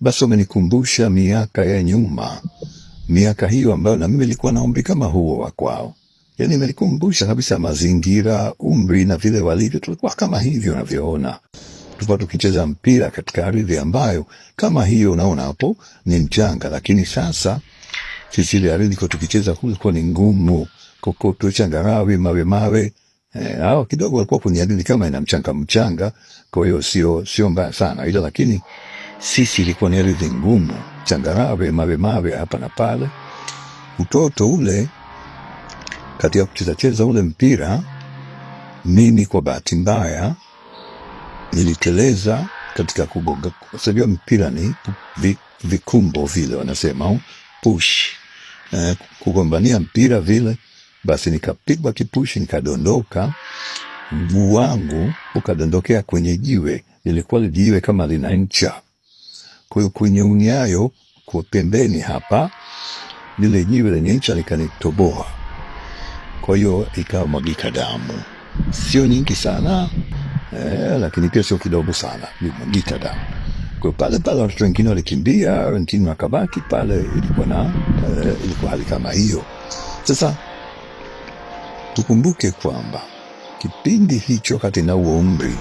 basi wamenikumbusha miaka ya nyuma, miaka hiyo ambayo na mimi nilikuwa na umri kama huo wa kwao. Yani imenikumbusha kabisa mazingira, umri na vile walivyo. Tulikuwa kama hivyo unavyoona, tulikuwa tukicheza mpira katika ardhi ambayo kama hiyo unaona hapo ni mchanga, lakini sasa sisi ile ardhi kwa tukicheza kulikuwa ni ngumu, kokoto, changarawi, mawe mawe Eh, au kidogo walikuwa kwenye kuniadili kama ina mchanga mchanga, kwa hiyo sio sio mbaya sana ila lakini sisi ilikuwa ni ardhi ngumu, changarawe, mawe mawe hapa na pale. Utoto ule katika cheza ule mpira, mimi kwa bahati mbaya niliteleza katika kugonga. Unajua mpira ni vikumbo vile wanasema push, eh, kugombania mpira vile. Basi nikapigwa kipushi, nikadondoka, mguu wangu ukadondokea kwenye jiwe. Lilikuwa jiwe kama lina ncha kwa hiyo kwenye unyayo kwa pembeni hapa, lile jiwe lenye ncha likanitoboa, kwa hiyo ikamwagika damu, sio nyingi sana eh, lakini pia sio kidogo sana, limwagika damu. Kwa pale pale watoto wengine walikimbia, wengine wakabaki pale. Ilikuwa na eh, ilikuwa hali kama hiyo. Sasa tukumbuke kwamba kipindi hicho kati na uo umri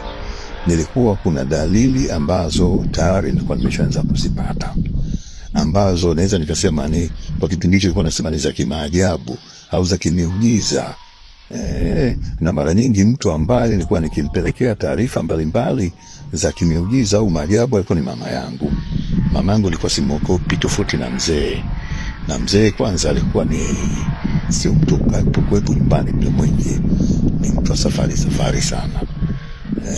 nilikuwa kuna dalili ambazo tayari nilikuwa nimeshaanza kuzipata ambazo naweza nikasema ni kwa kipindi hicho nilikuwa nasema ni za kimaajabu au za kimiujiza. E, na mara nyingi mtu ambaye nilikuwa nikimpelekea taarifa mbalimbali za kimiujiza au maajabu alikuwa ni mama yangu. Mama yangu alikuwa simwokopi, tofauti na mzee. Na mzee kwanza alikuwa ni sio mtu kwetu nyumbani mle mwingi, ni mtu wa safari safari sana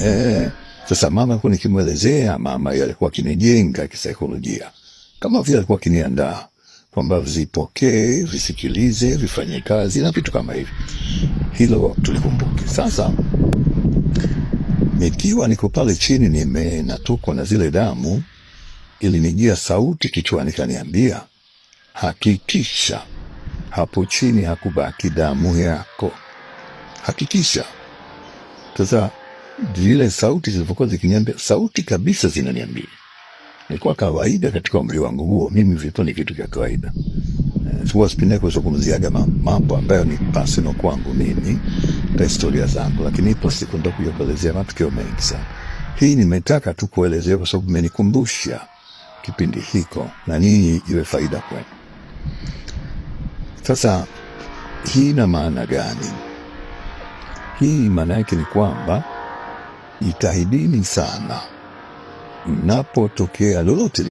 e, sasa mama nikimwelezea, mama alikuwa kinijenga kisaikolojia, kama vile alikuwa kiniandaa kwamba vipokee, visikilize, vifanye kazi na vitu kama hivi. Hilo tulikumbuke. Sasa nikiwa niko pale chini, nimenatukwa na zile damu, ilinijia sauti kichwani, kaniambia hakikisha hapo chini hakubaki damu yako, hakikisha. Sasa zile sauti zilivyokuwa zikiniambia, sauti kabisa zinaniambia. Ilikuwa kawaida katika umri wangu huo, mimi vilikuwa ni vitu vya kawaida. Sikuwa eh, sipendi kuzungumziaga mambo ambayo ni pasino kwangu mimi na historia zangu, lakini ipo siku nitakuja kuelezea matukio mengi sana. Hii nimetaka tu kuelezea kwa sababu menikumbusha kipindi hiko na nini iwe faida kwenu. Sasa hii ina maana gani? Hii maana yake ni kwamba jitahidini sana mnapotokea lolote